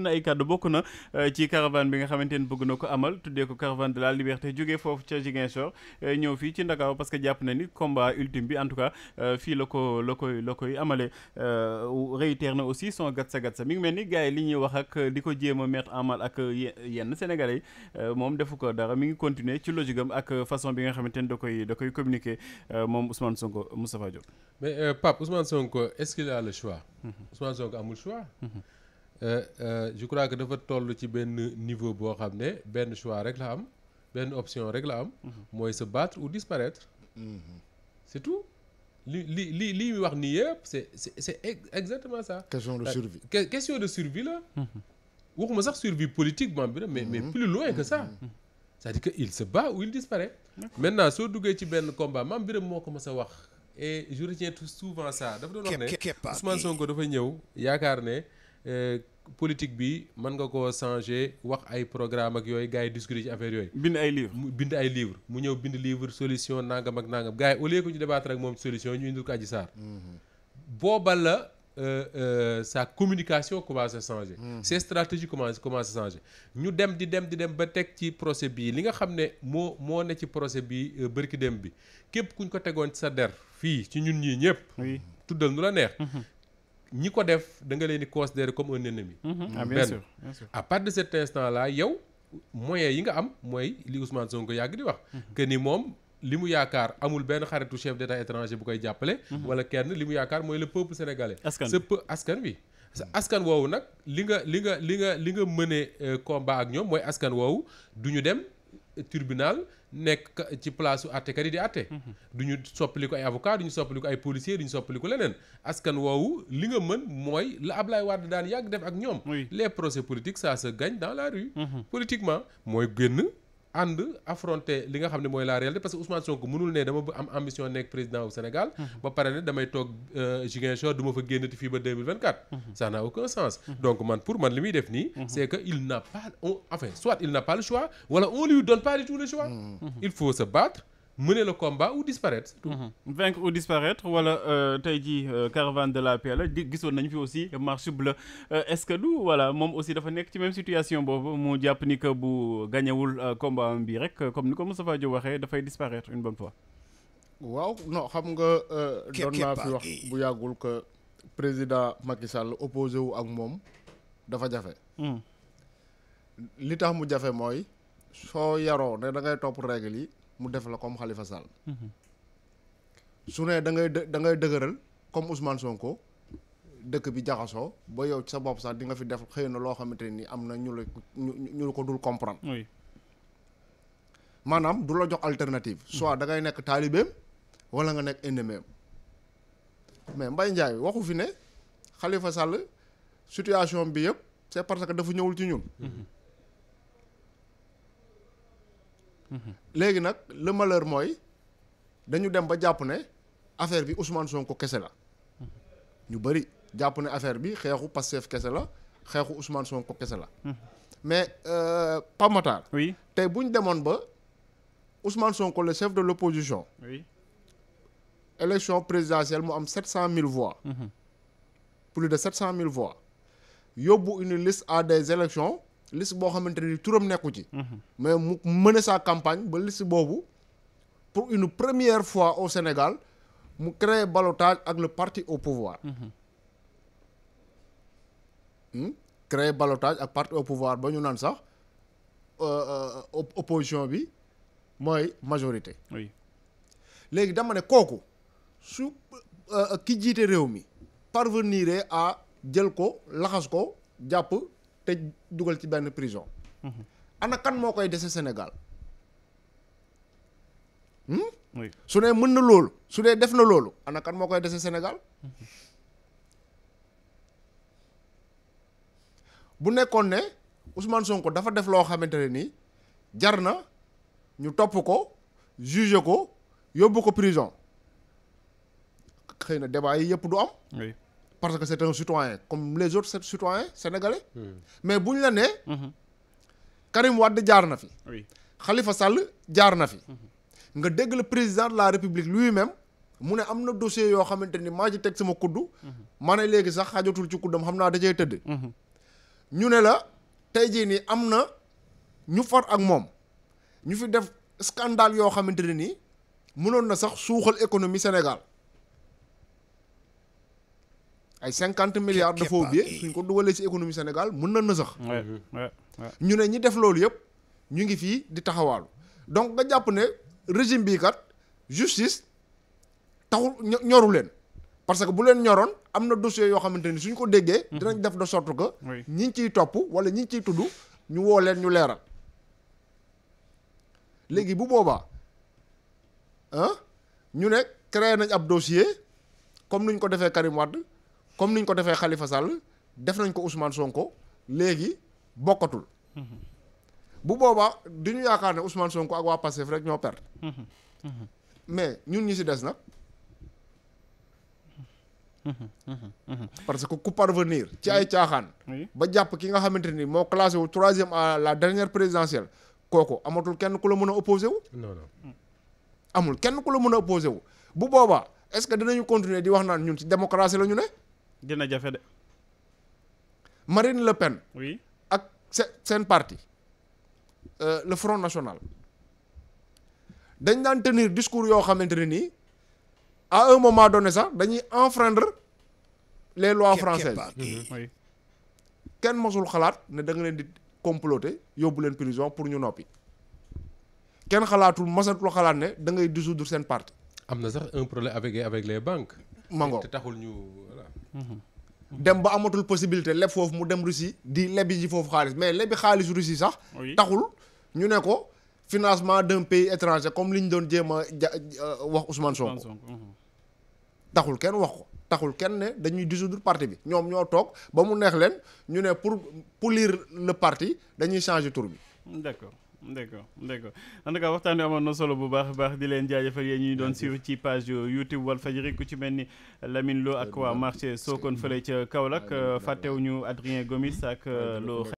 yëkkati na ay kàddu bokk na euh, ci ni bëgg na ko amal tuddee ko caravane de la liberté jógee foofu ca Ziguinchor euh, ñëw que jàpp na ni combat ultime bi en tout euh, fii la ko la koy koy amale réitère na aussi son gatsa gatsa mi ngi mel ni gars yi li ñuy wax ak di ko jéem a mettre mal ak yenn Sénégalais moom defu ko dara mi ngi continuer ci logique am ak façon bi nga xamante ni da koy da koy communiquer moom Ousmane Sonko Moustapha Diop mais Pape Ousmane Sonko est-ce qu'il a le choix mm-hmm. Ousmane Sonko amul choix mm-hmm. Euh, euh, je crois que dafa toll ci benn niveau boo xam ne benn choix rek la am benn option rek la am. Mhm. mooy se battre ou disparaître. Mhm. surtout li li lii li muy wax nii yëpp c'est c'est c'est exactement ça. question de euh, survie question de survie la. Mhm. waxuma sax survie politiquement bi la mais mais plus loin que ça. c'est-à-dire que il se bat ou il disparaît. maintenant soo duggee ci benn combat maam Birame moo ko mës a wax. et je retiens tout souvent ça. dafa doon wax ne Ousmane Sonko dafa ñëw yaakaar ne. Euh, politique bi mën nga koo changer wax ay programme ak yooyu gars yi discuter ci affaire yooyu. bind ay livre bind ay livre mu ñëw bind livre solution nangam ak nangam gars yi au lieu que ñu débattre ak moom solution ñu indil ko Adji Sarr. Mm-hmm. booba la euh, euh, sa communication commence à changer. Mm-hmm. ses stratégies commence commence à changer. ñu dem di dem di dem ba teg ci procès bii li nga xam ne moo moo ne ci procès bi bërki dem bi képp kuñ ko tegoon ci sa der fii ci ñun ñii ñëpp. tuddal nu la neex. Mm-hmm. ñi ko def da nga leen di considérer comme un ennemi. Mhm. ah bien à partir de cet instant là yow moyens yi nga am mooy li Ousmane Sonko yàgg di wax. Mhm. que ni moom li mu yaakaar amul benn xaritu chef d'état étranger bu koy jàppale. Mhm. wala kenn li mu yaakaar mooy le peuple sénégalais. askan bi askan bi. askan woowu nag li nga li nga li nga li nga mëne euh, combat ak ñoom mooy askan woowu du ñu dem. tribunal nekk ci place su àttekat yi di àtte. Mhm. du ñu soppali ko ay avocat du ñu soppali ko ay policier du ñu soppali ko leneen askan woowu li nga mën mooy la Ablaye Wade daan yàgg def ak ñoom. les procès politiques ça se gagne dans la rue. Mhm. politiquement mooy génn. ànd affronter li nga xam ne mooy la réalité parce que Ousmane Sonko mënul ne dama am ambition nekk président au Sénégal. Mhm. ba pare ne damay toog euh, Ziguinchor du ma fa génnati fii ba 2024. Mhm. ça n'a aucun sens. Mhm. donc man pour man li muy def nii. c'est que il n'a pas on enfin soit il n'a pas le choix wala on lui donne pas du tout le choix. il faut se battre. mener le combat ou disparaître. Mhm. vaincre ou disparaître wala euh, tey jii euh, caravane de la paix la gisoon nañu fi aussi marche bleue euh, est-ce que du moom aussi dafa nekk ci même situation boobu mu jàpp ni que bu gañewul combat bi rek comme ni ko Moustapha Diop waxee dafay disparaître une bonne fois. waaw no xam nga. doon naa fi wax bu yàggul que président Macky Sall opposé wu ak moom dafa jafe. Mhm. li tax mu jafe mooy soo yaroo ne da ngay topp règle yi. mu def la comme Khalifa Sall. Mhm. su ne da ngay da ngay dëgëral comme Ousmane Sonko dëkk bi jaxasoo ba yow sa bopp sax di nga fi def xëy na loo xamante ni am na ñu la ñu ko dul comprendre. oui maanaam du la jox alternative. soit da ngay nekk taalibeem wala nga nekk ennemeem mais Mbaye Ndiaye waxu fi ne Khalifa Sall situation bi yëpp c'est parce que dafa ñëwul ci ñun. Mhm. léegi nag le malheur mooy dañu dem ba jàpp ne affaire bi Ousmane Sonko kese la. ñu bëri jàpp ne affaire bi xeexu Pastef kese la xeexu Ousmane Sonko kese la. mais euh, Pape Matar. tey bu ñu demoon ba Ousmane Sonko le chef de l' opposition. oui élection présidentielle mu am cent 700000 voix. Mhm. plus de cent mille voix yóbbu une liste à des élections liste boo xamante ni turam nekku ci. mais mu mené sa campagne ba liste boobu pour une première fois au Sénégal mu créer ballottage ak le partie au pouvoir. Hmm? créé ballottage ak parti au pouvoir ba ñu naan sax euh, euh, opposition bi mooy majorité. léegi dama ne kooku su euh, ki jiite réew mi parvenir à jël ko laxas ko jàpp. te dugal ci benn prison. ana kan moo koy dese Sénégal. Hmm? su dee mën na loolu su dee def na loolu ana kan moo koy dese senegal bu nekkoon ne Ousmane Sonko dafa def loo xamante ne nii jar na ñu topp ko juge ko yóbbu ko prison xëy na débat yi yëpp du am. parce que c'est un citoyen comme les autres citoyens sénégalais. Mmh. mais bu ñu la nee. Mhm. Karim Wade jaar na fi. xalifa Khalifa Sall jaar na fi. Mhm. nga dégg le président de la république lui-même mu ne am na dossier yoo xamante ni maa ci teg sama kuddu. Mhm. ma ne léegi sax xaajatul ci kuddam xam naa dajay tëdd. ñu ne la tey jii nii am na ñu far ak moom ñu fi def scandale yoo xamante ne nii mënoon na sax suuxal économie Sénégal. ay cinquante milliards de faux billets suñ eh. ko dugalee ci économie Sénégal mën na nësax mhm. ñu ne ñi def loolu yëpp ñu ngi fii di taxawaalu donc nga jàpp ne régime bii kat justice taxul ñoru leen parce que bu leen ñoroon am na dossier yoo xamante ni suñ ko déggee mhm. dinañ def de sort que ñi ngi ciy topp wala ñi ciy tudd ñu woo leen ñu leeral léegi bu boobaa ah ñu ne créé nañ ab dossier comme nuñ ko defee Karim Wade comme niñ ko defee Khalifa Sall def nañ ko Ousmane Sonko léegi bokkatul. bu boobaa du ñu yaakaar ne Ousmane Sonko ak waa Pastef rek ñoo perte. mais ñun ñi si des nag. parce que ku parvenir ci ay caaxaan. ba jàpp ki nga xamante ni moo classé wu troisième à la dernière présidentielle kooku amatul kenn ku la mën a opposé wu. non non amul kenn ku la mën a opposé wu. bu boobaa est-ce que dinañu continuer di wax naan ñun ci démocratie la ñu ne. dina jafe de. Marine Le Pen. oui ak seen parti euh, le Front National. dañ daan tenir discours yoo xamante ne nii à un moment donné sax dañuy enfreindre les lois françaises mm-hmm. Mm-hmm. kenn mosul xalaat ne danga leen di comploter yóbbu leen prison pour ñu noppi kenn xalaatul mosatul xalaat ne da ngay dissoudre seen parti am na sax un problème avec avec les banques. mango taxul ñu dem ba amatul possibilité leb foofu mu dem Russie di lebi ji foofu xaalis mais lebi xaalis Russie sax. taxul ñu ne ko financement d'un pays étranger comme li ñu doon jéem a ja euh, wax Ousmane Sonko. Mhm. taxul kenn wax ko taxul kenn ne dañuy dissoudre partie bi ñoom ñoo toog ba mu neex leen ñu ne pour polir le parti dañuy changer tour bi. d'accord. d' accord d' accord en waxtaan wi amoon na solo bu baax a baax di leen jaajëfal yee ñuy doon suivre ci page YouTube Walfadjri ku ci mel ni Lamine loo ak waa marché Sokone fële ca Kaolack fàttewuñu Adrien Gomis ak loo euh,